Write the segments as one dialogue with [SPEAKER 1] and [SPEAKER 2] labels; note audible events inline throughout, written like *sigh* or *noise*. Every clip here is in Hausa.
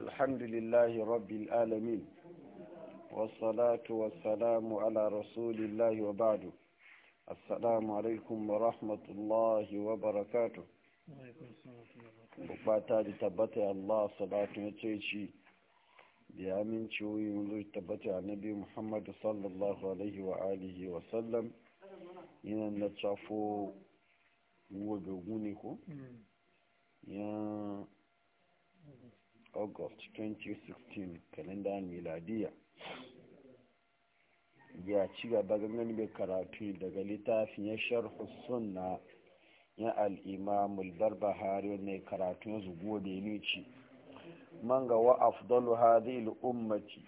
[SPEAKER 1] الحمد لله رب العالمين والصلاة ala على رسول الله وبعد السلام عليكم ورحمة الله bukata da tabbata Allah salatu ya ce shi da ya wuyin zai tabbata annabi Muhammadu sallallahu alaihi wa alihi wa sallam yana na cafo gobe guni ko ya august 2016 kalendar miladiya ya ci gaba ganin mai karatu daga littafin ya sharhu sunna ya al'imamul barbahari ne karatu ya zubo da ya ci man ga wa afdalu hadhihi ummati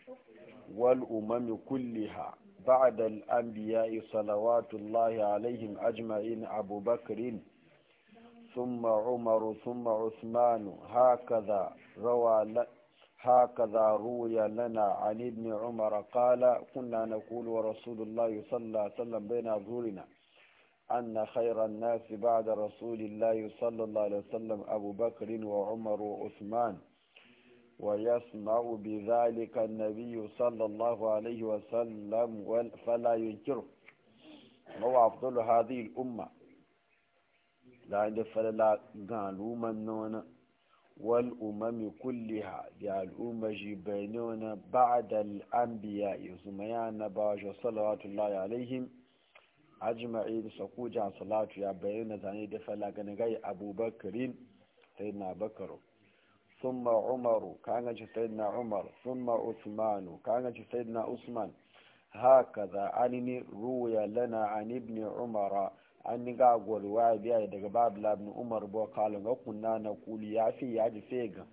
[SPEAKER 1] wal umami kulliha ba'da al anbiya salawatullahi alaihim ajma'in أبو بكر ثم عمر ثم عثمان هكذا روى هكذا روي لنا عن ابن عمر قال كنا نقول ورسول الله صلى الله عليه وسلم بين ظهورنا أن خير الناس بعد رسول الله صلى الله عليه وسلم أبو بكر وعمر وعثمان ويسمع بذلك النبي صلى الله عليه وسلم فلا ينكره هو أفضل هذه الأمة لا عند فلا قالوا من نونه wal’umami kulliha da al’umma jibaini wani ba da al’ambiya yanzu mai yana ba wa shi salawatun lai alaihim ajima’i da sakuja salatu ya bayani na zane da falagani gai abubakirin sai na bakaro sun ma’umaru kanganci sai umar Suma, ma’usmanu kanganci sai usman haka za’anini ruwa lana an ibni umara an ni ga gwarwa biya daga babu labin umar bo kalin ga kunna na kuli ya fi ya ji ga.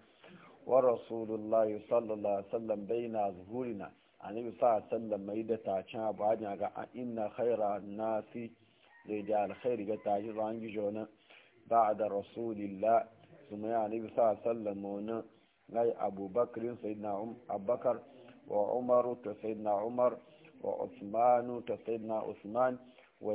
[SPEAKER 1] wa rasulullah sallallahu alaihi wasallam baina zuhurina annabi sa sallam mai da ta ci ba ni ga inna khaira nasi rijal alkhairi ga ta ji ran ji jona ba'da rasulillah kuma ya annabi sa sallam wannan ngai abubakar sayyidina um abubakar wa umar ta sayyidina umar wa usmanu ta sayyidina usman wa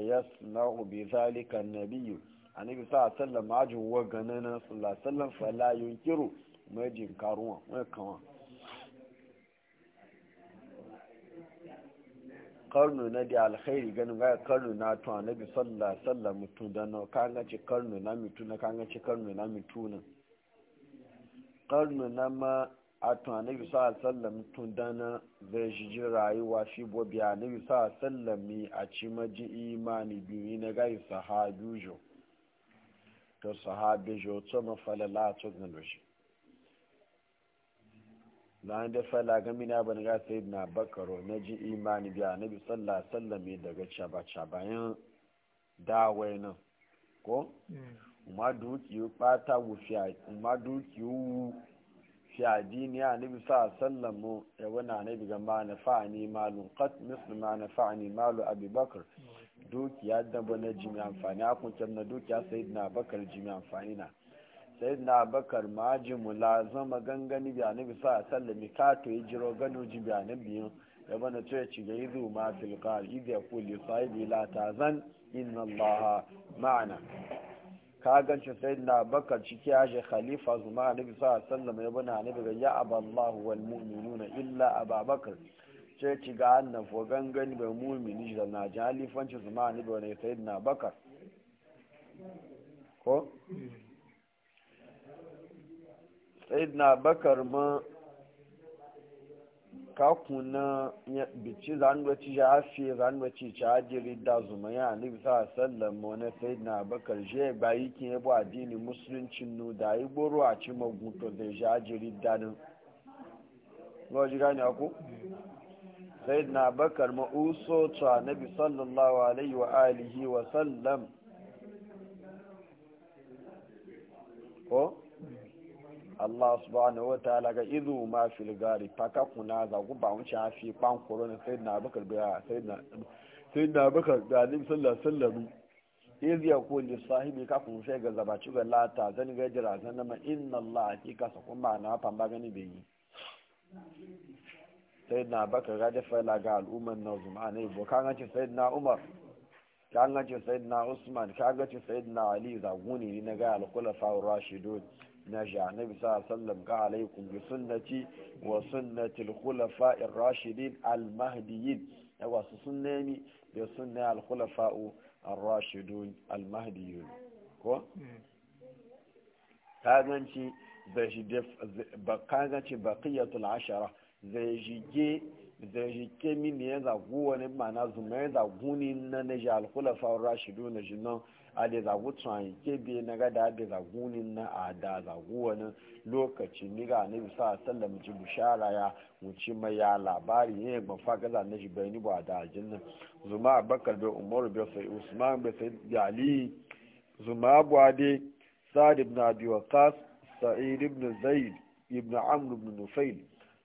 [SPEAKER 1] بذلك bi النبي صلى nabiyyu عليه وسلم sallam maji صلى الله عليه وسلم فلا fala yunkiru majin karuwa karnu na da alkhairi ganin ga karnu na to na sallallahu alaihi mutu da no kanga karnu na mitu na kanga karnu na mitu na karnu na ma a tun annabi sa sallam tun dana zai shi rayuwa shi bobi annabi sa sallami a ci maji imani biyu na gai jo to jo to mafalala to shi na da fala gami na bani ga sai na bakaro na ji imani biya annabi sallah sallami daga caba-cabayan dawai nan ko? Hmm. umar dukiyu ɓata wufiya umar dukiyu fi addini annabi sa sallam mu ya wani annabi ga ma na fa'ani malu qat mislu ma na fa'ani malu abubakar dukiya da na jimi amfani a kun kyan na dukiya sayyidina bakar jimi amfani na sayyidina bakar ma ji zama gangani bi nabi sa sallam ka to yi jiro gano ji bi annabi ya bane to ya ci ga zuwa ma fil qal idza qul li sahibi la zan inna allaha ma'ana ka ganci sai na baka ciki ya shi khalifa zuma a nufi sa'a sallama ya bani a ga ya aballahu wal nuna illa ababakar ce ci ga annan fo gangan bai mu'mini da na ji halifanci zuma a nufi wani sai na bakar ko mm. sai na bakar ma na bici zanwaci ya fi zanwaci ci hajjiri da zumaya a nabi sa sallam mona sai na bakar je bayi ke yabo addini musuluncin nu da yi goro a ci maguto da ji hajjiri da nan ba ji gani ako sai na bakar ma'uso ta nabi sallallahu alaihi wa alihi wa sallam ko Allah subhanahu wa ta'ala ga izu ma fil gari faka kuna za ku ba wuce fi kwan korona sai na bakar biya sai na sai na bakar da alim sallallahu alaihi wasallam izi ya ku ne sahibi ka kun sai ga zabaci ga lata zan ga jira zan ma inna Allah hakika sa kuma na fa magani bai yi sai na bakar ga da fala ga al'umman na zuma ne bo kan ce sai na Umar ka kan ce sai na Usman ka kan ce sai na Ali za guni ne na ga al-khulafa ar-rashidun na shi annabi sa sallam ka alaikum bi sunnati wa sunnati al-khulafa ar-rashidin al-mahdiyyin ya wasu sunnani da rashidun al-mahdiyyun ko kaganci zai shi kaganci baqiyatul ashara zai shige zai shige min ne ya zagu wani mana zuma ya zagu ne na na shi al-khulafa ar na shi nan a da zagu tsohon ke biye na gada da zagunin na a da zagu wani lokaci nira na bisa sallam ji bushara ya wuce mai ya labari ne eh, ban faga na shi bayani ba da ajin zuma abakar da umaru bai sai usman bai sai ali zuma abuwa dai sa'ad ibn abi waqas sa'id ibn zaid ibn amr ibn nufail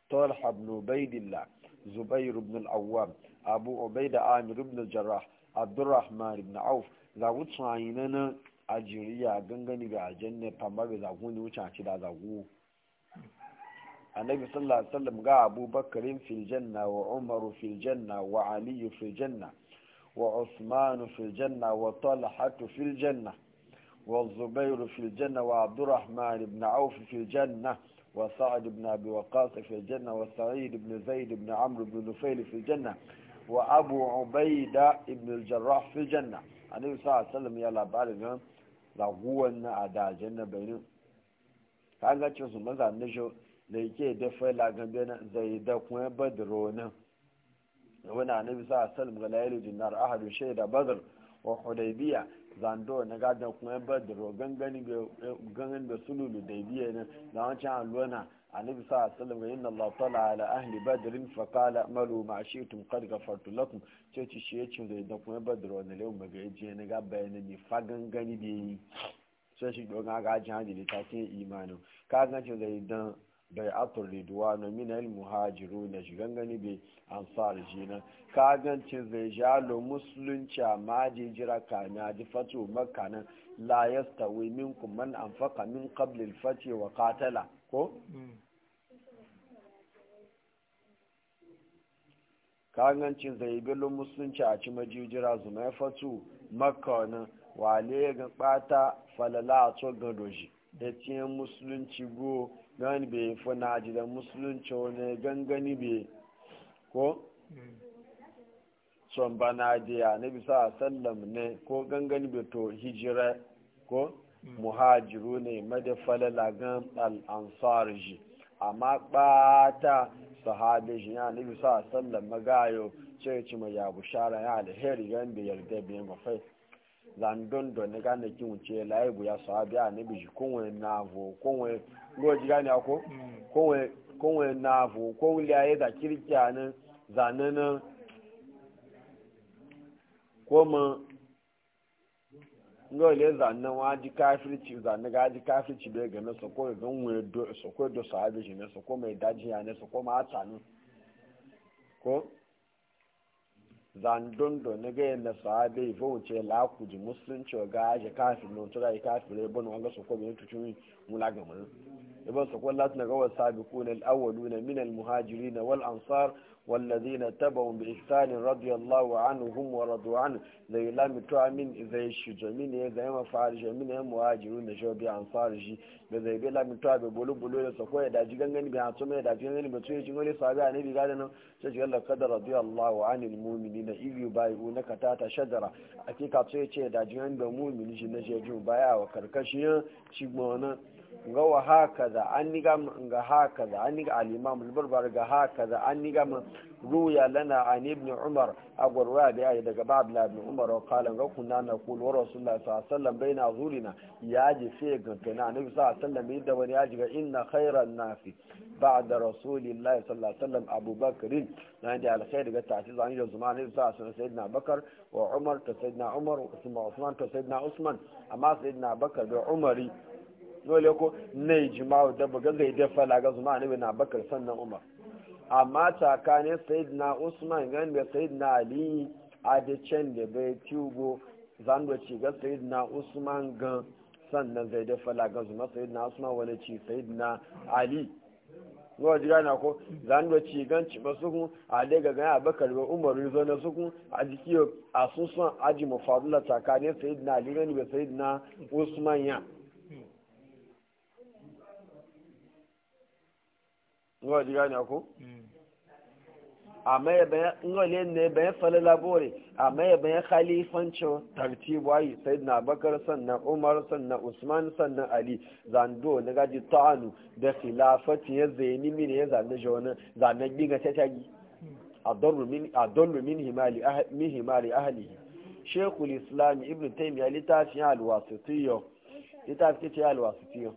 [SPEAKER 1] talha ibn ubaidillah zubair ibn al-awwam abu ubaida amir ibn jarrah abdurrahman ibn auf zagu tsayina na nan a ajiriya gangani ga ajiyar fama ga zagu ne wuce a ci da zagu annabi sallallahu alaihi wasallam ga abubakar fil janna wa umar fil janna wa ali fil janna wa usman fil janna wa talha fil janna wa zubair fil janna wa abdurrahman ibn auf fil janna wa sa'd ibn abi waqas fil janna wa sa'id ibn zaid ibn amr ibn nufail fil janna wa abu ubaida ibn al-jarrah fil janna annabi sa sallam ya labarin nan raguwan na adajen na bayanin ka ga cin su maza na shi da yake da faila gambe na zai da kuma badro nan wani annabi sa sallam ga dinar ahadu shaida badr wa hudaybiya zando na kuma badro gangan gangan da sululu da biye na da wancan alwana annabi sa inna allah tala ala ahli badrin fa qala malu ma shi'tum qad ghafartu sai shi ya da idan kuma ba da wani lewu mai ya je na gaba ne fa gani da yi sai shi don ga ajiye hajji ta ke imanin ka ganci da idan bai atur riduwa na minal muhajiru na shigan gani bai ansar jina ka ganci zai jalo musulunci a maji jira kami a ji fato makanan la yasta wai kuma an faka min kablin fati wa ko mm. kangancin bilin musulunci a ci majijira zuma ya fatu makonin wale ga bata falala a tso ga doji da tiyan musulunci go gani bai fi na ji da musulunci wani gangani bai ko son bana diya na bisa a sallam ne ko gangani bai to hijira ko mm. muhajiru ne mada falala gan al'ansar ji amma bata sahabe shi ya nabi sa sallan magayo ce ci ma ya bushara ya alheri yan da yarda biyan mafai zandun don ni gane kin wuce laye buya sahabe ya nabi shi kunwe navo kunwe goji gane ako mm. kunwe kunwe navo ko liyaye da kirkiya nan zanen ko ma nga ole zanna wa ji kafirci zanna ga ji kafirci bai ga nasa ko ga nwere do so ko do sa sahabi shi nasa ko mai daji ya ne nasa ko ma atanu ko zandon do ne ga na sahabi fo wuce la ku ji musulunci ga ji kafir no tura ga kafir bon wanga so ko bai tutu mu la ga mun ibn sakon الله ga wasu sabiquna al-awwaluna min al والذين تبعوا بإحسان رضي الله عنهم ورضوا عنه زي لا متوع من زي الشجمين زي ما فارج من مهاجرون شو بأنصار جي زي بلا متوع بقولوا بقولوا سكوا إذا جيجان بيعن ثم إذا جيجان بتوه جيجان صابع نبي قال سجي الله قد رضي الله عن المؤمنين إذ يبايعونك تحت شجرة أكيد كتير شيء إذا جيجان بمؤمن جنة جيجان بايع وكركشيا شيء ga wa haka da an ni ga haka da an ni ga al'imam albarbar ga haka da an ni gama ruya lana an ibn umar a gwarwaya da yayi daga ba abdullahi umar wa kala ga kunna na kul wa rasulullahi sallallahu alaihi wasallam baina zurina ya ji sai ga kana nabi sallallahu alaihi wasallam da wani ya ji ga inna khairan nasi ba'da rasulillahi sallallahu alaihi wasallam abubakar na da alkhair ga ta ci zani da zuma nabi sallallahu alaihi wasallam sayyidina bakar wa umar ta sayyidina umar wa usman ta sayyidina usman amma sayyidina bakar da umari dole ko na yi jima'u da buga zai da fala ga zuma annabi na bakar sannan umar amma tsakanin na usman gan da na ali a da can da bai tubo zan ci ga na usman gan sannan zai da fala ga zuma na usman wani ci na ali zuwa jira na ko zan ci gan ci ba su a da ya gan abakar ba umaru zo na su a jikiyo a sun son aji mafadula tsakanin sayyidina ali gan da na usman ya nga ji gane ko hmm. amma ya bayan nga le ne bayan fala labore amma ya bayan khalifancin tartibu ayi sayyidina bakar sannan umar sannan usman sannan ali zando na gaji ta'anu da khilafati ya zaini min ya zanne jona zanne giga ta tagi hmm. adallu min adallu min himali ah, min himali ahlihi shaykhul islam ibnu taymiyyah litafiyal wasitiyyo litafiyal wasitiyyo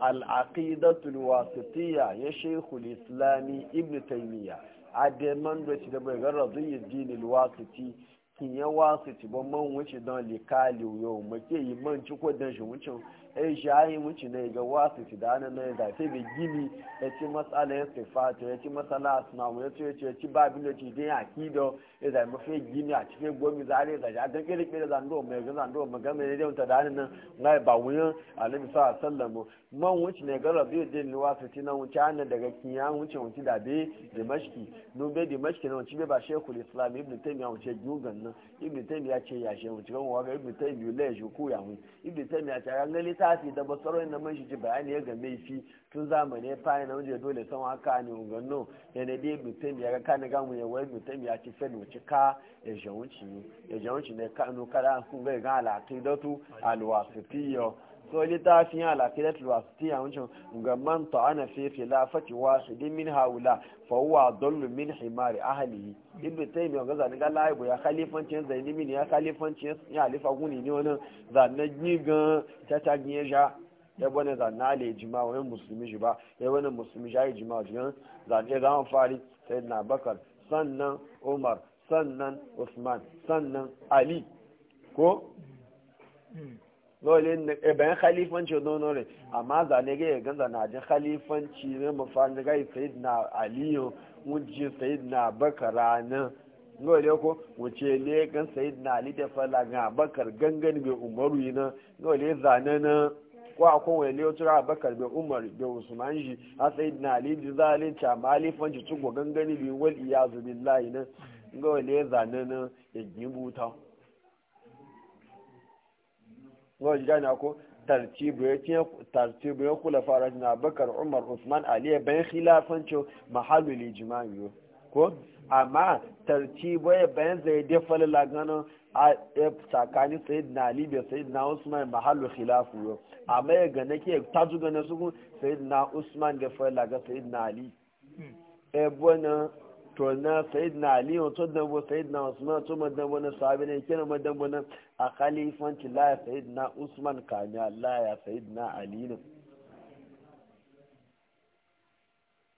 [SPEAKER 1] al'aqidatul wasitiyya ya shekul islami ibn taimiyya a daman da ci da bai gara zuyi dinil wasiti kin wasiti ba man wuce don likali yau make yi man ci ko dan shi wucin yi e shahi wuce ne ga wasu fi dana na ya sai bai gini ya ci matsala ya sifata ya ci matsala a sunamu ya ce ya ce ya ci ba bin da ci dai a kido ya zai mafi gini a cikin gomi za e a rai zaji a don kere kere zando mai ga zando mai ga mai da ta dana ya e ba wuyan alabi sa sallamu man wuce ne ga zai din ni wasu ci na wuce hannun daga kiyan wuce wuce da be dimashki nun be dimashki na wuce be ba shekul islam ibn taymiya wuce gugan nan ibn taymi ya ce ya shehu cikin waga ibn taymi la ya shuku ya hu ibn taymi ya ce ya ga littafi da basaro inda man shi bayani ya ga mai fi tun zamani ya fara na wajen dole san haka ne ungano ya ne bi ibn taymi ya ga kana ga mu ya wai ibn taymi ya ce fed mu cika ya shehu ci ya shehu ci ne kanu kada kun ga ga alaqidatu alwasitiyya so littafin al'afidat alwasitiya wancan ga man ta'ana fi khilafati wasidin min haula fa huwa dallu min himari ahlihi ibnu taymiya ga zani ga laibu ya khalifancin zaini min ya khalifancin ya halifa guni ne wannan zanna gigan ta ta giyeja ya bane zanna le jima wani musulmi ji ba ya wani musulmi ja yi jima jiyan zanne zama fari sayyidina bakar sannan umar sannan usman sannan ali ko hmm. lole e bayan khalifanci don nore amma zane ga yagan zana ji khalifanci ne mafan ga sayid na aliyu wujin sayid na bakara nan lole ko wuce ne gan sayid na ali da fala ga bakar gangan bai umaru yi nan lole zane na ko a wai ne wata ra bakar bai umar bai usman shi a sayid na ali ji zalunci amma alifanci tugo gangan bai wal iyazu billahi ne lole zane na ya gibuta. wa gane ko tartibu ya kula fara na bakar umar usman ali bayan khilafancin mahallul ijma'i ko amma tartibu ya bayan zai da falala ganin a tsakanin sayyidina ali bai sayyidina usman mahallu khilafu yo amma ya ga na usman da falala ga na ali e hmm. bona to na sayid na aliyu to dambo sayid na usman to madambo na sahabi ne kina madambo na a khalifanci la ya sayid na usman kamiya la ya sayid na aliyu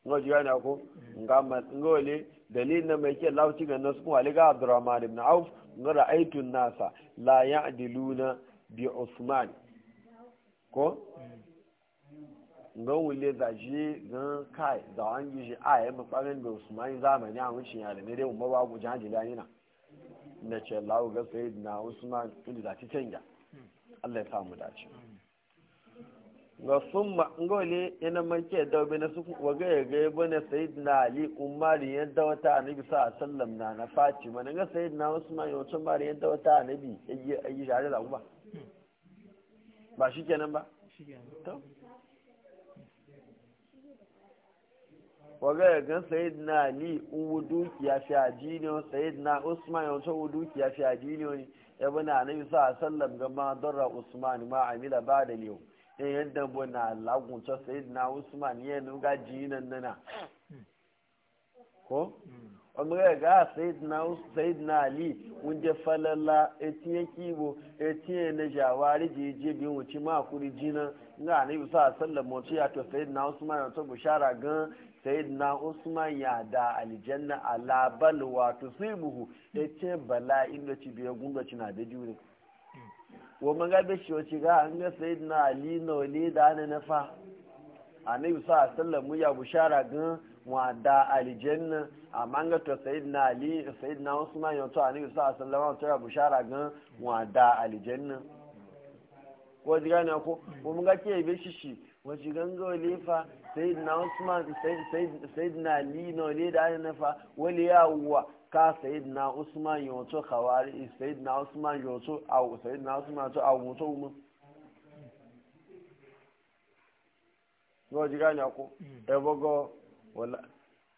[SPEAKER 1] ngo jiya na ko nga ma ngo le dalil na mai ke lauci ga nasu kuma liga abdurrahman ibn auf ngo ra'aytu nasa la ya'diluna bi usman ko ga wule da shi gan kai da an yi shi a yi mafarin da usmani zamani a wucin yare ne dai umaru abu jihar jilani na na ce lawo ga sai na usman tun da ta canja allah ya samu dace ga sun ma ngole ina manke da obi na suku waga ya ga yabo na sayid na ali umari yadda wata anabi sa a sallam na na fatima na ga sayid na usman ya wata umari yadda wata anabi ya yi shahada da ba hmm. ba shi kenan ba waga ga na ali uwu dukiya fi adini na usman yanzu uwu dukiya fi adini ne ya bi na nabi sa sallam ga ma dora usman ma amila ba da liyo ne yadda bu na lagunta na usman ya nuga jinan nana ko ya ga sayid na ali wunje falala etiye kibo etiye na jawari jeje bi wuce ma kuri jinan ga nabi sa sallam mu ya to sayyidina usman ya to bushara gan sayyidina usman ya da aljanna ala balwa tusibuhu yace bala inda ci biya gunga cina da jure wa man ga be shi ga an ga sayyidina ali no le da na nafa annabi sallallahu alaihi wasallam ya bushara gan wa da aljanna amma ga to sayyidina ali sayyidina usman ya to annabi sallallahu alaihi wasallam to ya bushara gan wa da aljanna ko diga ne ko mun ga ke be shi shi wa shi ganga lefa sayyidina usman sayyidina ali na ne da ana nafa wani yawuwa ka sayyidina usman yawato kawari sayyidina usman yawato awu sayyidina usman to a wato mu yau ji gani ko ebogo wala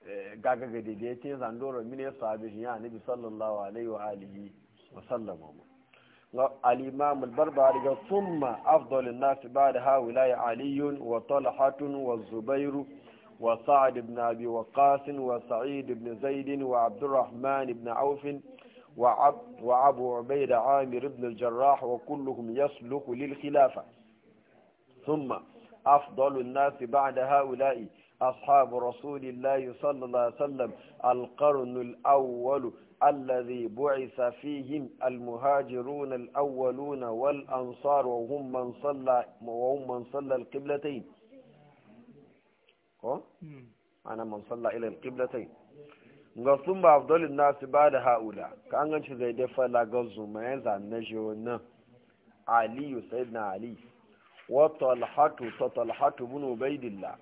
[SPEAKER 1] eh, gaga ga daidai ce zandoro mine sahabi ya nabi sallallahu alaihi wa alihi wa sallama الإمام البربري ثم أفضل الناس بعد هؤلاء علي وطلحة والزبير وسعد بن أبي وقاص وسعيد بن زيد وعبد الرحمن بن عوف وعب وأبو عبيد عامر بن الجراح وكلهم يسلك للخلافة ثم أفضل الناس بعد هؤلاء أصحاب رسول الله صلى الله عليه وسلم القرن الأول الذي بعث فيهم المهاجرون الأولون والأنصار وهم من صلى وهم من صلى القبلتين أنا من صلى إلى القبلتين ga sun ba abdullin nasu ba da haula ka an ganci zai dafa lagar zuma ya zane shi wannan aliyu sai na ali wa talhatu ta talhatu bin ubaidillah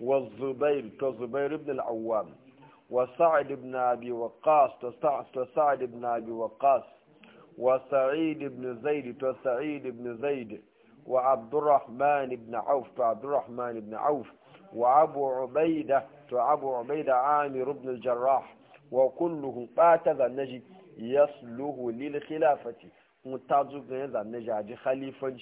[SPEAKER 1] wa ta zubair awwam وسعد بن ابي وقاص وسعد بن ابي وقاص وسعيد بن زيد وسعيد بن زيد وعبد الرحمن بن عوف عبد الرحمن بن عوف وابو عبيده وابو عبيده عامر بن الجراح وكلهم باتذ النجي يصله للخلافة متازق هذا النجاج خليفة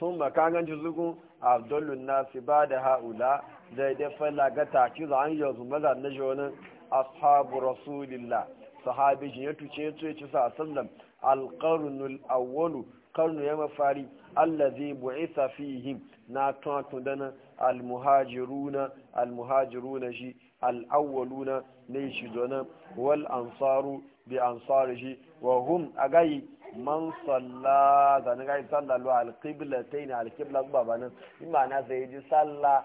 [SPEAKER 1] ثم كان جزء عبد الناس بعد هؤلاء Daidai dai falla ga taki za an yanzu maza na shi ashabu rasulillah sahabi shi ya tuce ya tuce sa sallam alƙarnul awwalu karnu ya mafari allazi bu'itha fihim na tuntun dana almuhajiruna almuhajiruna shi al'awwaluna ne shi zonan wal ansaru bi ansari shi wa a gayi man salla zanen gayi sallalu alqiblatain alqibla babana imana sai ji salla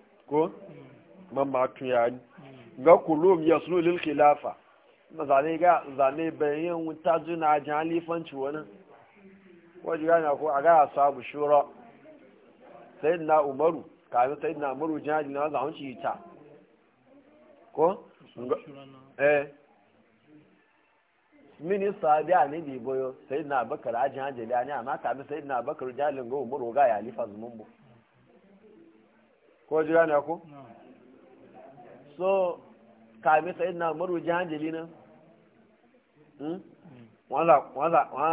[SPEAKER 1] ko mamma tuyani ga kulum ya sulu lil khilafa zane ga zane bayan wuta zuna jalifanci wani wajen gane ko a gara sabu shura sai na umaru kafin sai na umaru jihadi na zahun shi ta ko? eh minista biya ne bi boyo sai na bakar ajiyar jeli ne amma kafin sai na bakar jihadi ga umaru ga alifa zumunbu ko jira ne ko so kame sai na maru jahangeli nan hmm? hmm. wala wala wa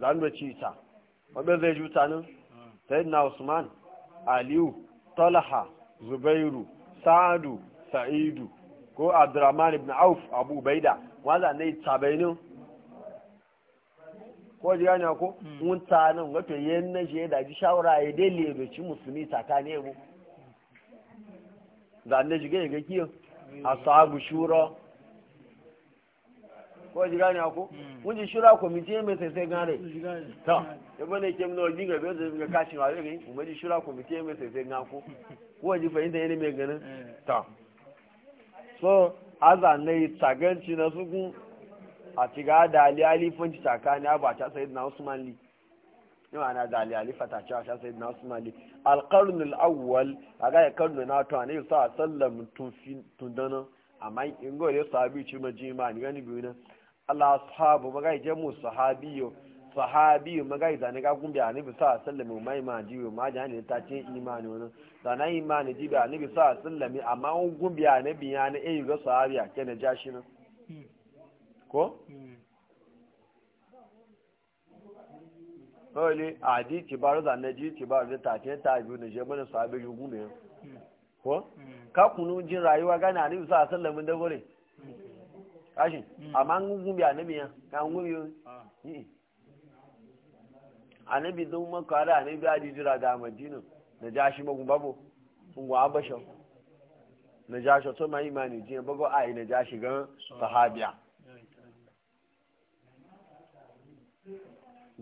[SPEAKER 1] zan da ci ta wanda zai juta nan sai na usman aliyu talha zubairu sa'adu sa'idu ko abdurrahman ibn auf abu baida wala ne tabainin ko jira ne ko hmm. mun ta nan wato yayin na je da ji shawara ya dai lebe ci musulmi ne mu ga ne shige ga kiyo asabu shura ko ji gane ko hmm. mun shura committee mai sai sai gane to ya ne ke mun ji be bezo ga kashi wa ga mun ji shura committee mai sai sai gane ko *laughs* ko ji fahimta yana mai ganin eh. ta so aza ne taganci na sugun a tiga da ali alifanci tsakani ba ta sayyidina usman li yau ana da ali fata cewa sha sai na sumali alƙarnu al'awwal a gaya karnu na to ne sa sallam tundana amma in go da sahabi ci ma jima ni gani biyu na Allah sahabu magai jamu sahabiyo maga magai zane ga gumbi annabi sa sallam mai ma jiwo ma ne ta ce imani wannan zana imani jibi annabi sa sallam amma biya ne ya ne eh ga sahabiya kene jashi na hmm. ko hmm. wani a ji kibaru da na ji kibaru da ta ce ta biyu na je mana sabi jugu ne ko ka kunu jin rayuwa gana ne sa sallamin da gore kashi hmm. amma an gumbi annabi ya ka gumbi ah. annabi don maka da annabi ya ji jira da madina na ja shi magun babu sun gwa abashau na ja shi to mai imani jiya bago ai na ja shi gan sahabiya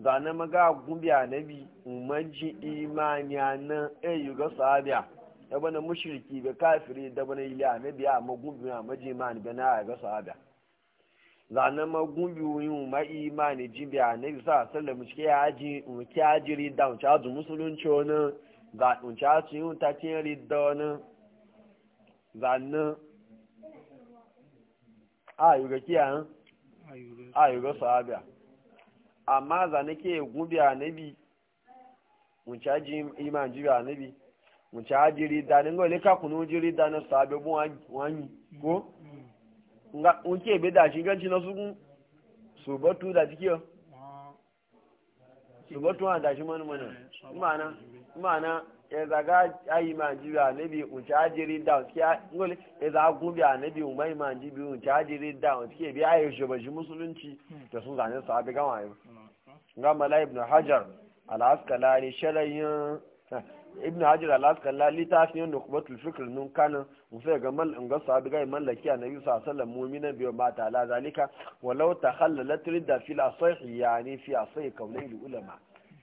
[SPEAKER 1] zane maga gumbi anabi umarji imaniya nan eh, eyu ga sahabiya da bane mashirki ga kafiri da yi ili nabi a magumbi a maji imani ga na ga sahabiya zane magumbi yi umar imani na anabi sa sallar cike ya aji umarki jiri da a azu musulunci wani ga wuce su yi ta cin ridda wani zane a yi ga kiyan a yi ga sahabiya amma za nake gubi anabi mun ci aji iman jibi anabi mun ci aji rida ni ngole ka kunu jiri da na sabe bu wani ko nga unke be da shi ganci na su su batu da jikiyo subatu da dashi mani mana mana ya zaga ayi ma jibi anabi unci ajiri da suke ngole ya zaga gumbi anabi umai ma jibi unci ajiri da suke bi shi bashi musulunci da sun zane su abi gama yau ga mala ibn hajar al'askalari askalari ibn hajar al-askalla littafin nukhbatul fikr nun kana musa ga mal in ga sahabi ga mallaki annabi sallallahu alaihi wasallam mu'mina bi ma ta la zalika walau takhallalat ridda fil asih yani fi asih qawlil ulama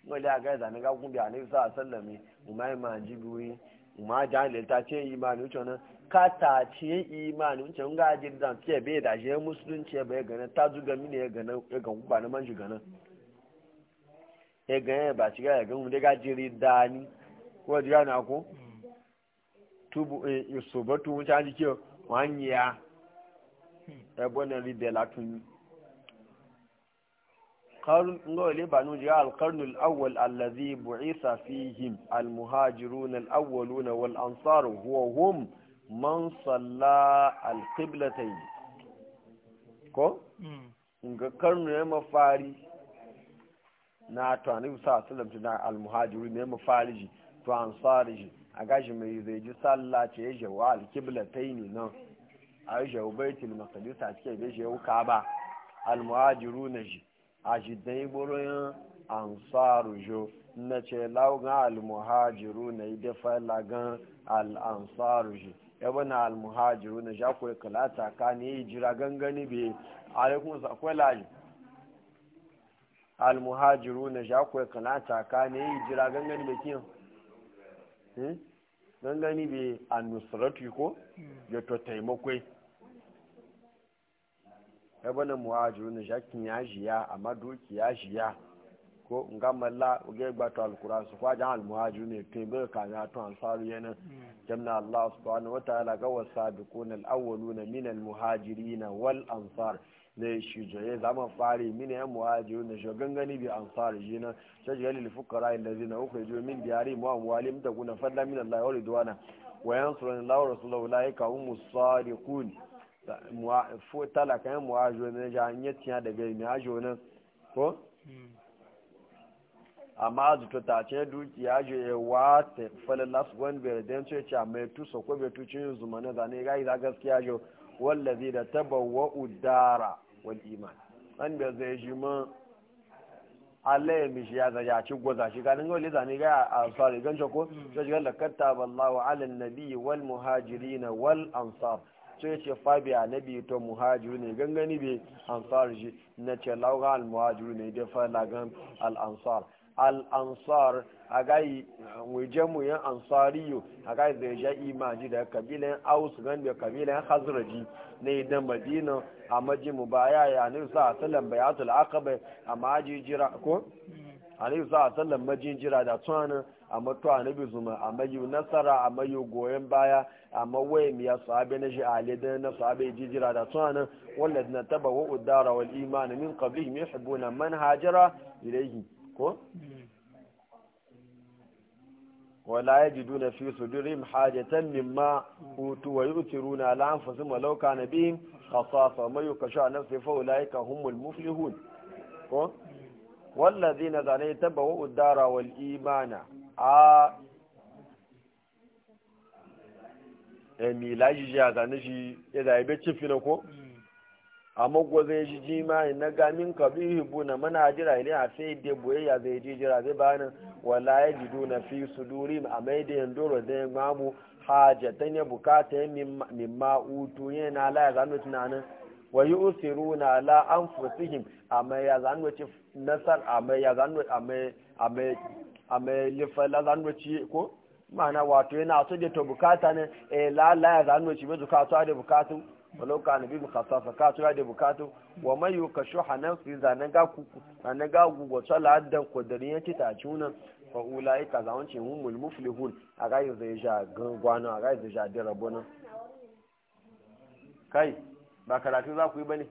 [SPEAKER 1] wala ga da ne ga kun bi annabi sallallahu alaihi wasallam umma ma jibuwi umma jalil ta ce imani wuce nan ka ta ce imani wuce nan ga jirdan ce bai da je musulunci bai ga ta zuga mini ya ga ya ga ba na manji ga nan ya ga ba ci ga ya ga mun da ni. ko ji gane ko tubu eh, eh sobo tu mun ta ji ke wanya e bona ri de latun qarn ngo le banu ji al qarn al awwal alladhi bu'isa fihim al muhajirun al awwaluna wal ansar huwa hum man salla al qiblatayn ko hmm. nga karnu ya mafari na to annabi sallallahu alaihi wasallam na al muhajirun ya mafari to ansari a gashi mai zai ji sallah ce ya jawo alkiblatai ne nan a yi jawo baitul maqdis a cikin wuka ba kaba almuhajiru na ji a shi dai burin ansaru jo na ce laugan almuhajiru na yi dafa lagan al'ansaru ji yabo na almuhajiru na ja akwai kalata ka ne yi jira gangani bai a yi kuma akwai laji almuhajiru na ja akwai kalata ka ne yi jira gangani bai kiyan Hmm? don gani bai a ko hmm. ya to taimakwai ya bane mu'ajiru na shakin ya jiya amma doki ya ko nga malla uge gbato alquran su kwajan almuhaju ne te be ka ya to ansaru yana hmm. jamna allah subhanahu wa ta'ala ga wasabiqun alawwaluna min almuhajirin wal ansar ne shi jaye zama fari min ya muhajirin ne shi gangani bi ansar jina shaji lil fuqara allazina ukhrijoo min diyari wa amwalim da guna fadla min allah wa ridwana wa yansuruna allah wa rasuluhu laika humus fu talaka ya muhajiru ne ja nyetia daga daga ajo ne ko hmm. amma zuto ta ce dukiya je ya wata falin lasu wani bai da ce ce mai tusa ko bai tuci yin zuma na zane ga iza gaskiya ce wallazi da taba wa udara wani iman an da zai shi ma Allah ya mishi ya zaja ci gwaza shi ganin gole zane ga a sare gan ko zai mm. ga lakatta ballahu alin nabi wal na wal ansar sai ce fabiya na biyu to muhajiru ne gangani bai ansar shi na ce lauga al muhajiru ne da falagan al ansar al'ansar a gai wajenmuyin ansariyo a gai zai ja imaji daga kabilan aus gan da kabilan hazraji na idan madina a maji mu baya ya ne sa a sallan bayatul aqaba a maji jira ko a ne sa a sallan maji jira da tsanin a mato a bi zuma a mayu nasara a mayu goyon baya a mawaye miya sahabe na shi a da na sahabe jijira da tsanin wanda na taba wa'udara wal imanin min qabli yuhibbuna man hajara ilayhi ko wala na fi durim hajjatan mimma hutu wa yu'thiruna ala anfusihim walau mai yuka sha man sai fa’u fa ulaika humul muflihun ko na ba زانوا يتبعوا wal imana a emi laji ya zane shi ya zaibe cifi na ko amma gobe shi yi na gamin kabihi na mana jira ne a sai da boyayya zai ji jira zai bayanin wala ya jidu na fi duri a mai da doro da ya mamu hajjatan ya bukata ya mimma utu ya na ala ya zanu tunanin wa yi usiru na ala an fusihim a mai ya zanu ci nasar a mai ya zanu a mai lifala zanu ci ko ma'ana wato yana so da ta bukata ne eh la la ya zanu ci bai a da bukatu walau ka annabi mu kasasa ka tura da bukatu wa mai yu ka shuha nan su zanen ga kuku zanen ga gugwata la'addan kwadarin ya ci ta junan fa ulayi ka zaun ce hun mulmuflihun a ga yanzu zai sha gangwano a ga yanzu zai sha dira bonan kai ba karatu za ku yi ba ne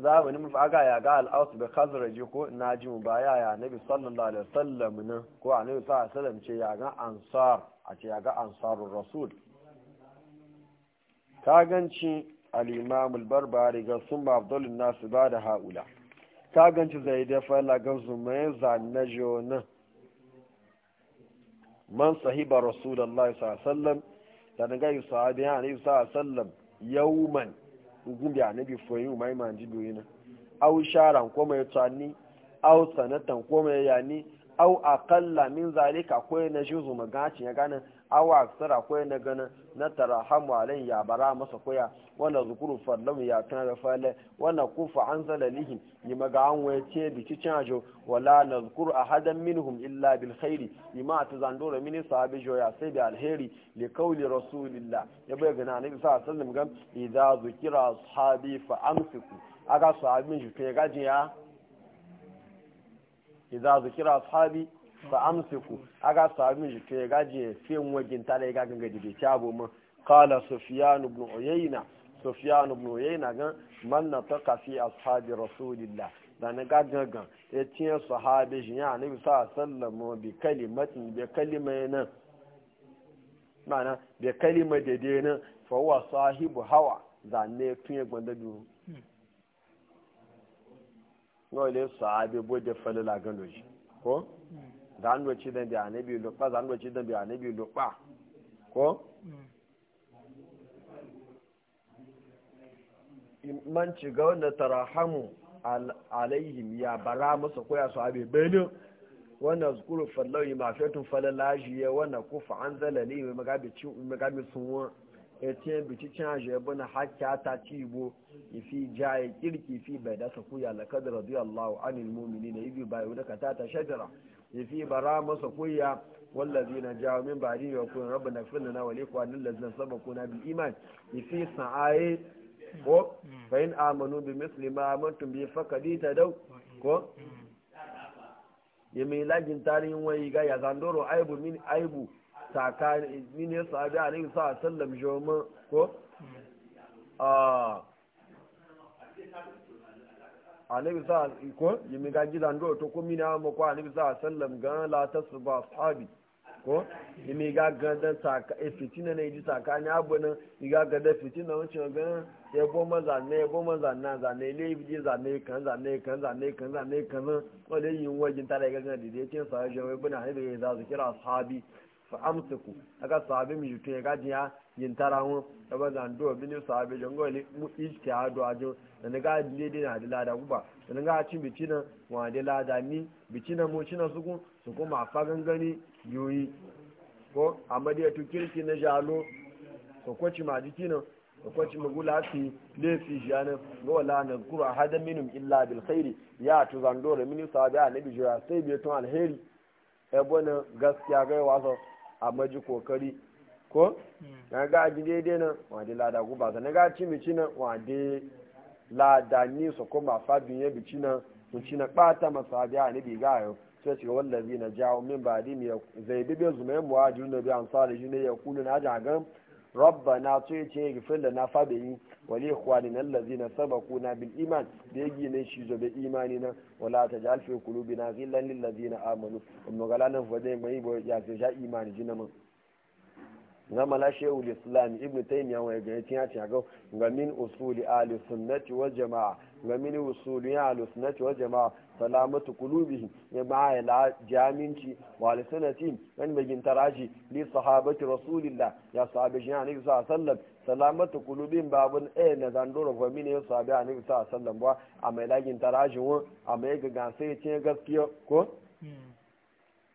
[SPEAKER 1] zamanin aga ya ga al'aus bai ji ko na ji mu ba ya nabi sallallahu alaihi wasallam nan ko a nabi sallallahu alaihi wasallam ce ya ga ansar a ce ya ga ansarur rasul ka ganci al-imam al-barbari ga sun ba abdul nasu ba da haula ka ganci zai da fala ga zumai na jona man sahiba rasulullahi sallallahu alaihi wasallam da ga sahabi ya nabi sallallahu alaihi wasallam yawman gumbi anabi foyin mai man ji doyi na aw sharan ko mai tsani aw sanatan ko mai yani aw aqalla min zalika ko na shi zuma gaci ya gana awa tsara koya na gana na tarahamu alai ya bara masa koya wannan zukuru fallam ya tana da fale wannan kufa an zalalihi yi maga an waye ce biki ajo wala na zukuru a hadan minhum illa bil khairi yi ma ta zandora mini sahabi joya sai da alheri li kauli rasulillah ya bai gana nabi sa sallam gan idza zukira ashabi fa amsiku aga sahabi shi to ya gaji ya idza zukira ashabi fa amsiku aga sami shi ke ga je fiyan wajin tare ga ganga dibe ta bo ma qala sufyan ibn uyayna sufyan ibn uyayna ga man ta kafi ashabi rasulillah da na ganga e tiye sahabi shi ya nabi sa sallama bi kalimatin bi kalimai mana bi kalima daidai nan fa wa sahibu hawa ne tuye gwanda biyu no le sahabi bude falila gano ganoji ko? Hmm. zanuwa ci da biya na biyu lukpa zanuwa ci da biya na biyu lukpa ko? man ci ga wanda tarahamu alaihim ya bara masa koya su abe benin wanda zukuru fallawi mafetun falalaji ya wanda kufa an zalali mai magabi sun wa etiyan bici cin ajiye bana haka ta ci ibo ifi jaye kirki fi bai dasa kuya lakadar radiyallahu anil mumini na ibi bayo wadaka ta ta shajara yafi bara masa kuyya والذين جاءوا من na يقولون ربنا nil لنا sabaku na سبقونا iman yafi sa'ai ko in amanu bi misli ma amantum bi fakadi ta dau ko ya lajin lagin tarihin wani ga ya zandoro aibu min aibu tsakanin min ya sabi a sallam jomo ko ah annabi sa ko yimi ga gidan do to ko mina mo ko annabi sa sallam ga la tasba ashabi ko yimi ga ga da ta ka e fitina ne ji saka ne abuna yi ga ga da fitina wancin ga ya e bo maza ne e bo maza na za ne le ji za ne kan za ne kan za ne kan za ne kan ko le yin wajin ta da ga ga de cin sa je wai buna hebe za su kira ashabi fa amsaku aka sahabe mi yuto ya ya yin tarawo da ba zan do bin sahabe jongo le mu ijtihadu ajo da ga dile din hadila da kuba da ga cin bicina wa da lada ni bicina mu cina su ku su kuma fa gangani yoyi ko amma da to kirki na jalo ko kwaci ma dikina ko kwaci magula fi le fi jana go la na kura hada minum illa bil khairi ya to zan do da min sahabe annabi jira sai bi to alheri ebona gaskiya ga wazo a maji kokari ko hmm. na ga na daidai nan lada guba sa na ga ci mici nan wade lada ni so ko ma ya bici nan mun ci na bata masa a ne bi yau sai ci na jawo min ba di zai zai bibe zuma yan muhajiru na bi ansari ne ya kulu na jagan rabbana to yace gifin da na fabe yi wali ikhwanin allazina sabaquna bil iman da yagi ne shi zo imani na wala tajal fi qulubina ghillan lil ladzina amanu amma galana fode mai bo ya ce ja imani jina man ngama la shaykhul islam ibnu taymiya wa ga yace ya ce ga min usuli ahli sunnati wal jamaa ga mini ya alusunati wa jama'a salamatu kulubihi ya ma ya la jaminci wa alusunati wani bagin tarashi li sahabatu rasulillah ya sahabi shi ya a sallam salamatu kulubin babun ɗaya eh, na zandoro ga mini ya sahabi ya a sallam ba a mai lagin tarashi wa a mai gagasai ya ce gaskiya ko hmm.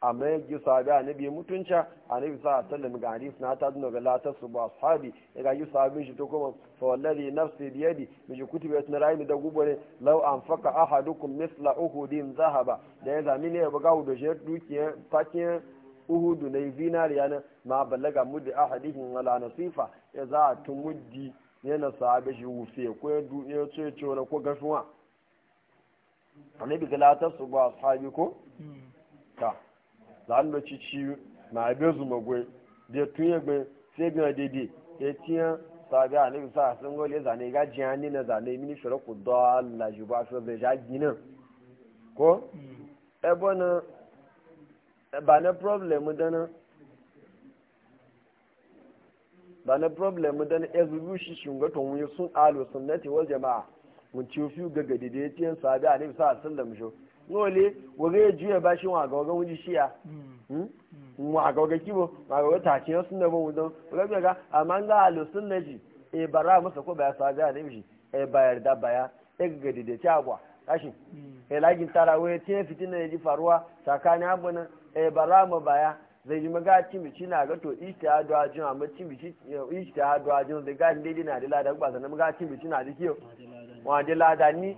[SPEAKER 1] amma ya ji sahabi a nabi mutunca a nabi sa sallam ga hadis na ta zuna ga latar su ba sahabi ya ga ji sahabin shi ta kuma fa na nafsi bi yadi shi ji kutubi na rayu da gubore lau an faka a ahadukum misla uhudin zahaba da ya zami ne ya buga hudu shi dukiya fakin uhudu na zinariya na ma balaga mudi ahadihin wala nasifa ya za a tun muddi yana sahabi shi wufe ko ya duniya ce ce wani ko gashuwa annabi ga latar su ba sahabi ko hmm. ta zando cici ma abe zuma gwe da tun ya gbe sai na dede ya tiya sabi a nabi sa sun gole zane ga jiya ni na zane mini fere ku dala ju ba su zai ja ko mm. ebo na ba na problem dana ba na problem dana ezubushi shungaton wuyi sun alo sunnati wal jama'a mun ci fi gaga daidai ya tiya sabi a nabi sa sun lamsho ngole wage juya bashin wa ga wagan wuji shiya hmm. hmm? wa ga wagan kibo wa ga wata ce sun da bawu don wagan ga amma ga alu sunna ji e bara masa ko baya sa ga nabi e bayar da baya e ga dide ta gwa kashi hmm. e lagin tarawe te fitina ya e ji faruwa tsakanin abuna e bara mu baya zai ji maga cin na ga to ishta ya duwa jin amma cin bici e, ishta ya duwa zai ga daidai na da lada ba sannan maga cin na da kiyo wa da lada ni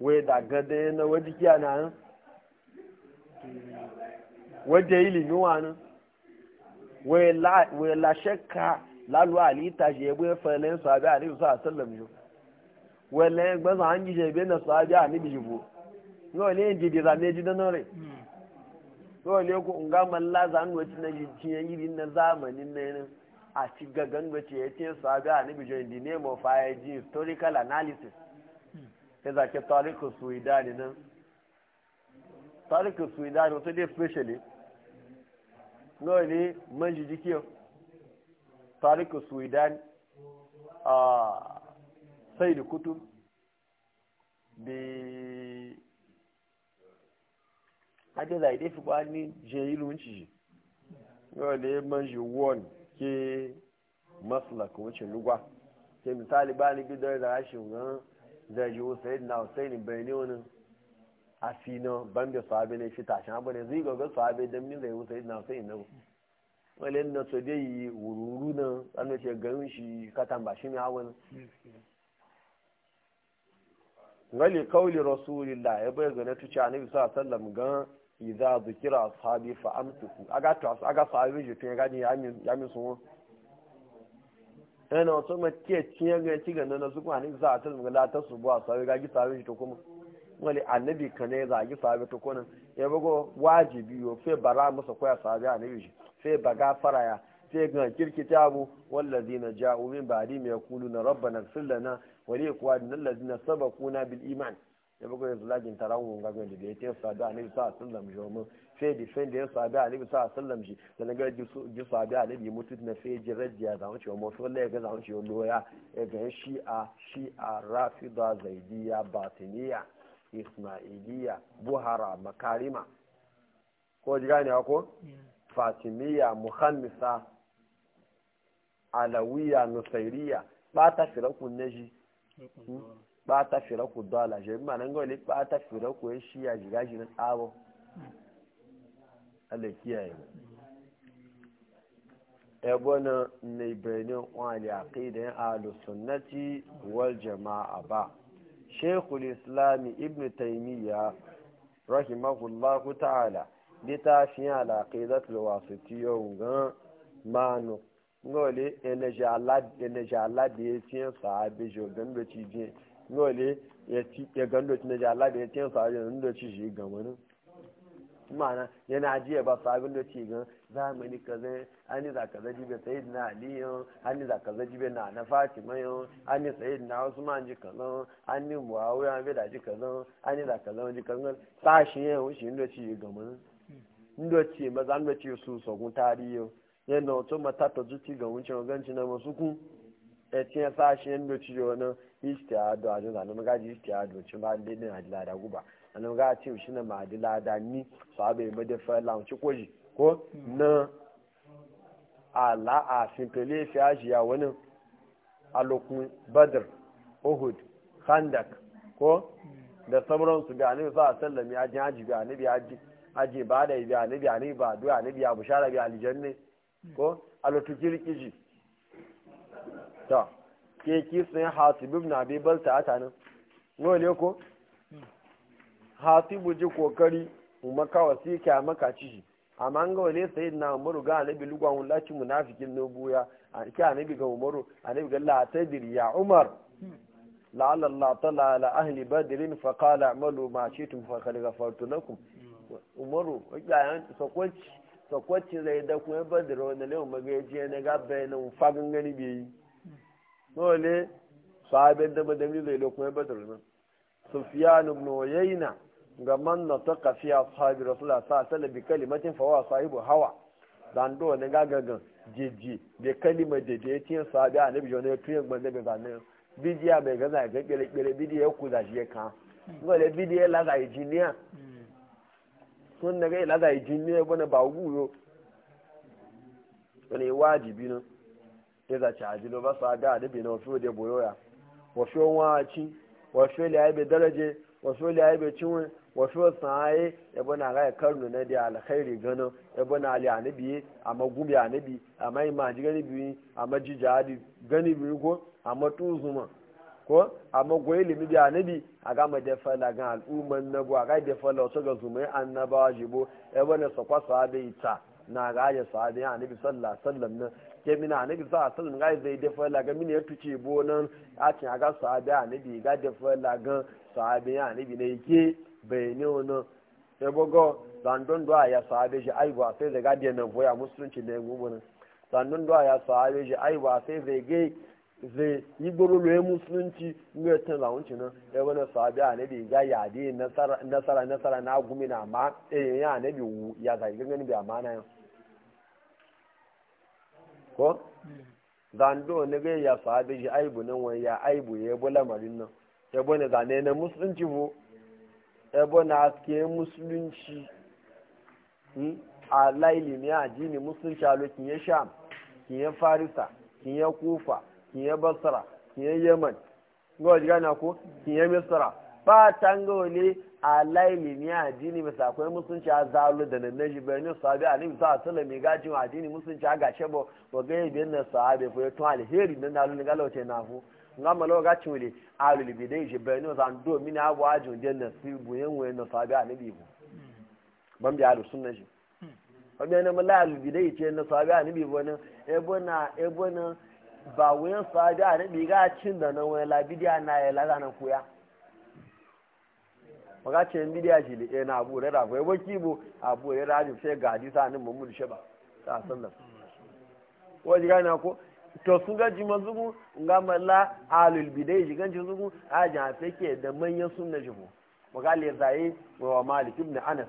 [SPEAKER 1] wai da gada na wajen kiya na nan wajen ilimin wai la shakka lalu shi ya bai falen sabi a nufi sa sallam yau wai la yan gbasa an gishe bai na sabi a nufi shi bo yau ne yin jide zane ji da nore yau ne ku nga malla za nwa ci na jiyan yi na zamani na yanin a ci gagan gwace ya ce sabi a nufi shi ne mo fa ya ji historical analysis ya zake tariku suidani nan tariku suidani wato dai specially nawa ne manji jikiyo tariku suidani a sai da kutu da ake zai dai fi bani je ilunci ji nawa ne manji won ke maslak wuce lugwa ke misali bani bidon da rashin gan zai yi wasu yadda hussein bayani wani a fina ban da sahabi ne shi tashin abu ne zai gaga sahabi don min zai wasu yadda hussein na wale na so dai yi wururu na tsanin ce ganin shi katan ba shi ne hawan ngali kauli rasulillah ya bai gane tuci annabi sallallahu alaihi wasallam gan idza zikira ashabi fa amsiku aga to aga sahabi je tun ya ni ya min sun yana wasu mace ke ciyar ga ci ganda na su kwanin za a ta zama latar su buwa sabi ga gisa abin shi to kuma wani annabi ka ne za a gisa abin to kunan ya bago wajibi yo fe bara masa koya sabi annabi shi fe baga faraya sai fe ga kirkita abu wallazi na ja'u min ba'di mai kulu na rabba na lana wani kuwa na lalazi na sabakuna bil iman ya bugu yanzu lagin taron gunga gwani da ya ta yasa da anabi sa sallam shi omin sai da ya da anabi sa sallam shi da na da na ji rajiya so shi'a shi'a rafida zaidiya batiniya ismailiya buhara makarima ko ji ko fatimiya muhammisa alawiya nusairiya ba ta firakun na shi ɓata firaku dola shi ma nan gawale ɓata firaku ku shi ya shiga shi na tsabo Allah kiyaye mu ebona na ibrahim wani aqidan ahlus sunnati wal jama'a ba shaykhul islam ibn taymiya rahimahullah ta'ala litafiyan ala aqidatul wasitiyyo gan manu ngole energy ala energy ala de tien sahabe jogan be ci bien nole ya gando cin da Allah da ya ce sa ya da ci shi ga wani mana yana jiya ba sabin da ci gan zamani kaza ani za kaza jibe sayyid na aliyu ani za kaza jibe na na fatima yo ani sayyid na usman ji kaza ani muawiya be da ji kaza ani za kaza ji kaza sa shi ya wuce da ci ga wani ndo ci ma zan da ci su so gun tariyo yana to mata to zuci ga wuce gancin na masu ku e tiya sa shi ndo ci yo na ijtihadu a jin zanen gaji ijtihadu cin ba de na hadila da guba an ga ce shi na madila da ni sahabe ma de fa lawo ci koji ko na ala a pele fi ya wani alokun badr uhud khandak ko da su ga ne sa sallam ya ji haji bi aji haji haji ba da bi ani ba du'a ya bushara bi aljanne ko alotu kirkiji ta. ke kisan hasibu na bai balta nan no ne ko hasibu ji kokari maka ka maka ci amma an ga wale sai na umaru ga anabi lugwa wulaci munafikin no buya a a nabi ga umaru nabi ga la tadri ya umar la allah tala ala ahli badrin fa qala amalu ma shi'tum fa qad ghafartu lakum umaru yan sokwaci sokwaci zai da kuma badr wannan lewa magaji ne ga bayanan fagin gani bai yi dole sahabin da madami zai lokuma ya badar ibn uyayna ga man na ta kafiya sahabi rasulullah sa sala bi kalimatin fa wa sahibu hawa dan do ne gagagan jeje be kalima jeje tin sahabi annabi yo ne tun be zanen bidiya be ga zai ga bidiya ku da shi bidiya la ga injiniya sun ga injiniya bana ba wani wajibi ne sai za ci hajjilo ba su aga adabi na wasu da boyoya wasu waci wasu yi bai daraje wasu yi bai cinwe wasu sanaye ya bana raya karnu na da alkhairi gano ya bana ali anabi a magumi anabi a mai maji gani biyu a maji jihadi gani biyu ko a matuzuma ko a magoyi limi da anabi a gama da fala gan al'umman na a gai da fala wasu ga zumai annabawa jibo ya bana sakwa da ita na ga ya sahabe anabi sallallahu alaihi ke mina anabi sa asalin ga zai dafa laga mini ya tuce bonan a cin aga sahabi anabi ga dafa laga sahabi anabi ne ke bayani wani ya bugo zandon do ya sahabi shi ai ba sai daga da nan boya musulunci ne gubunin zandon do ya sahabi shi ai ba sai zai gai zai yi gborolo ya musulunci ne tun launci nan ya wani sahabi anabi ga yade nasara nasara na gumi na ma eh ya anabi ya zai gangan bi amana yau ko zando ne ga ya sahabi shi aibu nan wani ya aibu ya yabo lamarin nan yabo ne zane na musulunci bo yabo na aske musulunci hmm? a laili ne a jini musulunci a lokin ya sham kiye farisa kiye kufa kiye ya basra yemen ya yaman ga wajen gana ko kin misra ba tango ne alaili ne addini ba akwai musulunci a zalu da nan naji bai ne sahabi a nabi sa sallam mai gajin a gashe ba ga yin na sahabi ya tun alheri nan da lulun galauce na fu nga malo ga chule alul bidai je bai ne zan do mini abu na yan wayan na sahabi a bu ban bi alu ji ba bi ne mala ce na sahabi a nabi bu e na ebona ebona ba wayan sahabi a nabi ga cin da na ya maka ce bidiya shi da na abu rera ya yabo bu abu rera rajin sai ga hadisa nan mu mulshe ta sallam ko gani gane ko to sun gaji ji mazugu nga malla alul bidai shi ganci zugu a ja fake da manyan sunna jibo maka le wani wa malik ibn anas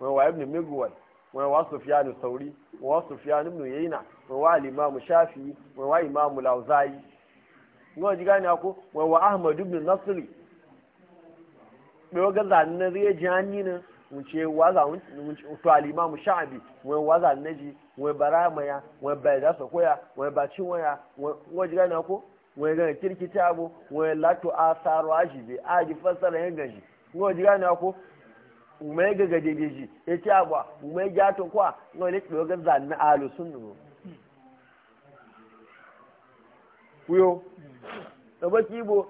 [SPEAKER 1] wa ibn migwal wa sufyan sauri wa sufyan ibn yayna wa al-imam shafi wa imam al-auza'i ngo ji gane ko wa ahmad ibn nasri ɓewa ga zanen zai ji hanyi nan wuce waza to alimamu sha'abi wani waza na ji wani bara maya wani bai da koya wani bacin waya wani gani ko wani gani kirkita abu wani lato a saro aji bai aji fassara yin gaji wani gani ko umai ga gaje da ji ya e ce abu umai ja to kwa wani ɓewa ga zanen alu nuno kuyo da baki bo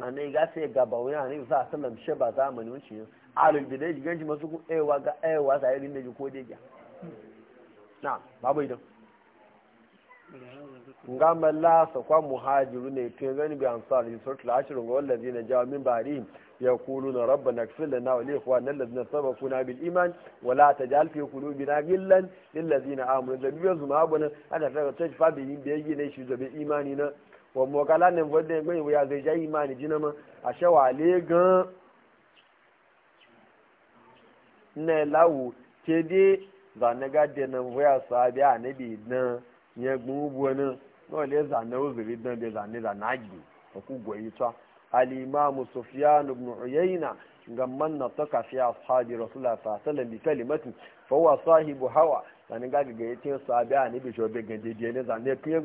[SPEAKER 1] sannan ga sai gaba wani hannun sa sallam shi ba zamani wuce yin alul bidai jigan ji masu kun ewa eh, ga ewa eh, sa irin da ji ko da ya na babu idan ga malla sa kwa muhajiru ne tun gani bi ansar yi sautu ashirin ga wallazi na jawo min bari ya kulu na rabba na kafin lana wa lefuwa na lazina saba kuna bil iman wala ta ji alfi kulu bi na gillan lillazi na amurin da biyar zuma abu nan ana fara ta fa bi yi biyayye na shi zabe imani na wa mokala ne wadda ya gbanyi ya zai jayi ma ni jina ma a shawa le gan na lawo ke de za na gade na waya sabi a nabi na ya gbun ubuwa na na le za na uzuri dan be za na gi a ku ta al-imam sufyan ibn uyayna gamman na taka fi ashabi rasulullah sallallahu bi sahibu hawa zani Gege, ga yace sabi a nabi shobe gade de ne za ne kiyan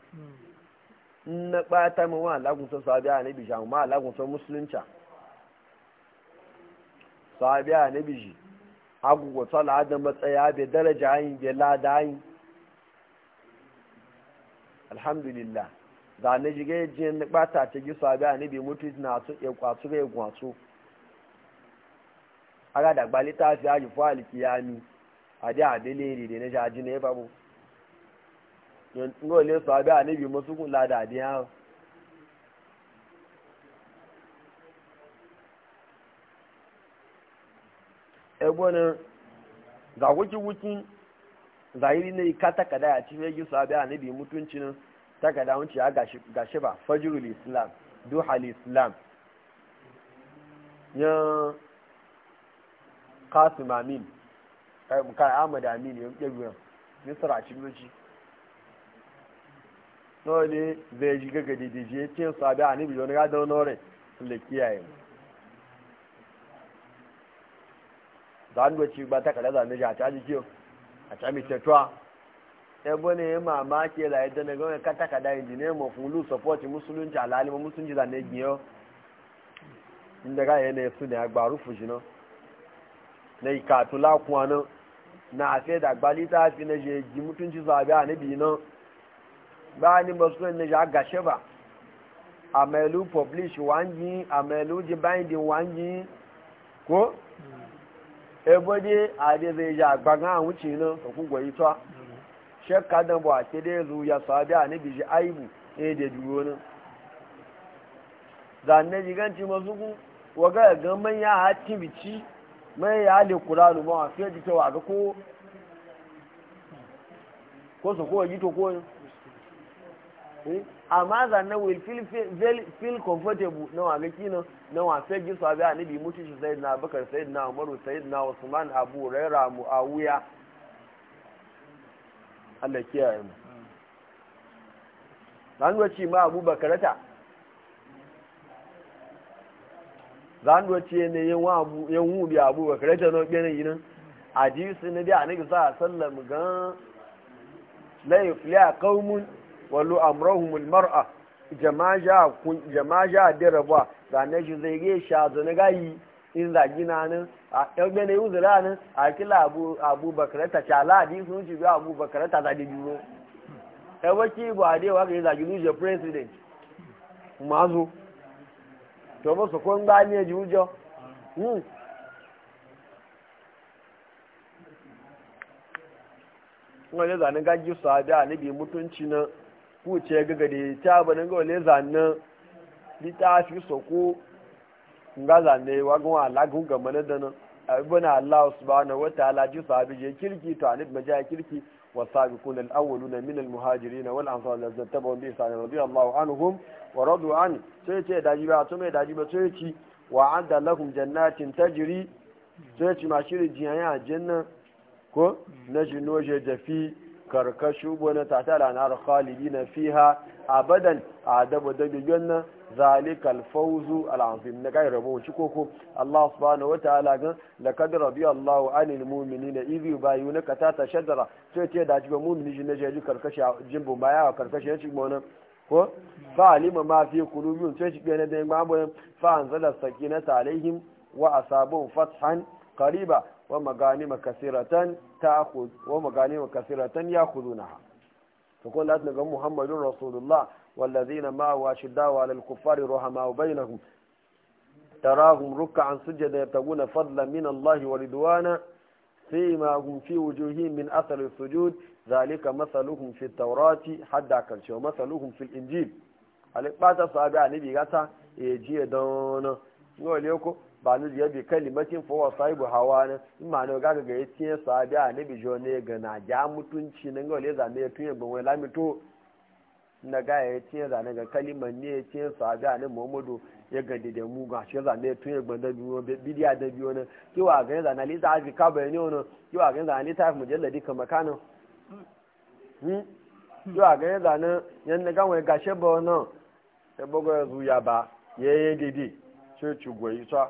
[SPEAKER 1] na kpata mu wa lagunsa a na bishi amma lagunsa musulunca a na bishi agugwa tsala adam matsaya bai daraja hanyar bai lada yi alhamdulillah za na ji yajiyan na n'kpata ta gisa bai a nabi mutu na su ya kwatsu ga ya aga da gbali ta fi aji fo alikiyami a da abele ne da na jaji ne babu ngo le so abi anabi musu kun lada adi ha ebo ne za wuki wuki zahiri ne ka takada ya ci fegi so abi anabi mutunci nan takada wuce ya gashi ba fajirul islam duhal islam ya kasim amin kai ahmad amin ya yi misra cikin nawa ne zai shiga ga didije ce su abi a nibi wani gadon norin da kiyaye mu za a ci ba ta kada zane shi a caji kiyo a cami E ebo ne ya ke la yadda na gawai kata kada injiniya ma fulu support musulunci alalima musulunci zane giyo inda ga yana su ne agbaru fujino na la kuwa na afe da gbalita fi ne je ji mutunci zabe a nibi nan báyìí mọ̀sùn ẹni yà gàṣẹ́bà àmẹ́lú publish wọ́n jí yí àmẹ́lú di báyìí wà ń yí kó ebóde àdéhùn ìyá àgbàgán àwọn tì náà òkúgbọ̀ yìí tọ́ ṣe kádàbọ̀ àtẹ́lẹ́ ìlú yasọ̀ abẹ́ àníbìyí àìbù èdè dúró náà ci manya mai ya le kuranu ta ko ko yi Eh? amma zanna will feel feel comfortable na wa gaki na na wa sai gisu abi annabi mutu shi sayyidina abubakar sayyidina umar sayyidina usman abu raira muawiya Allah kiyaye mu zan ci ma abubakar ta zan ci ne yin wa abu yan wu bi abubakar ta no kenan yinan hadisi na bi annabi sallallahu alaihi wasallam gan la yufliya qaumun walu amrahumul mar'a jama'a ja da rabuwa zane shi zai ge sha zane gayi in zagi na nan a ɗaube na yi uzura nan a kila abubakarata bakarata cala sun ci biya abubakarata bakarata za e hmm. da biyu ɗaubaki ba a dewa ka yi zagi luje president mazu to ba su kun gani ya ji hujjo wani zane gaji su a da mutunci nan kuce gaga da ta banin ga wale zannan littafi soko nga zane wa gun alagun ga mana da nan abin Allah subhanahu wataala ji sahabi je kirki to anid maja kirki wa sabiqun al awwaluna min al muhajirin wal ansar allazina tabu bi sa'an radiyallahu anhum wa radu an sai ce daji ba to mai daji ba sai ci wa adda lahum jannatin tajri sai ci ma shiri jiyan janna ko na jinoje da fi karkashu wani tatala na alkhalibi na fiha abadan a daba da bibiyon nan zalika alfawzu alazim na kai rabo shi koko Allah subhanahu wa ta'ala gan laqad radiya Allah 'anil mu'minina idh yubayunaka ta shajara sai ce da jiba mu'mini ne je ji karkashi jimbo baya wa karkashi ya ci gona ko fa alima ma fi qulubihim sai shi ne da ngamba fa anzala sakinata alaihim wa asabun fathan qariba wa maganima kasiratan ta'khud wa maganima kasiratan ya'khudunaha to ko lati ga muhammadun rasulullah wallazina ma wa shiddaw ala al-kuffari rahama wa bainahum tarahum ruk'an sujada yataguna fadlan min allahi wa ridwana fima hum fi wujuhihim min athari sujud zalika mathaluhum fi at-taurati hadda kan cewa mathaluhum fi injil alibata bata sabi annabi gata e yaji don ngole ko ba nu jiya bi kalimatin fa wa sahibu hawa na in ma ne gaga ga yace sahabi annabi jo ne ga na ja mutunci nan ga wale zame ya ban wai lamito na ga ya yace zane ga kaliman ne yace a annabi muhammadu ya ga dide mu ga shi zane ya ban da biyo bidiya da biyo na. ki wa ga zane ali ta ji ka bayani ono ki wa ga zane ali ta mujalladi kama kana hmm ki wa ga zane yan ga wai ga shebo no sai bogo ya zuya ba yeye didi sai ci goyi sa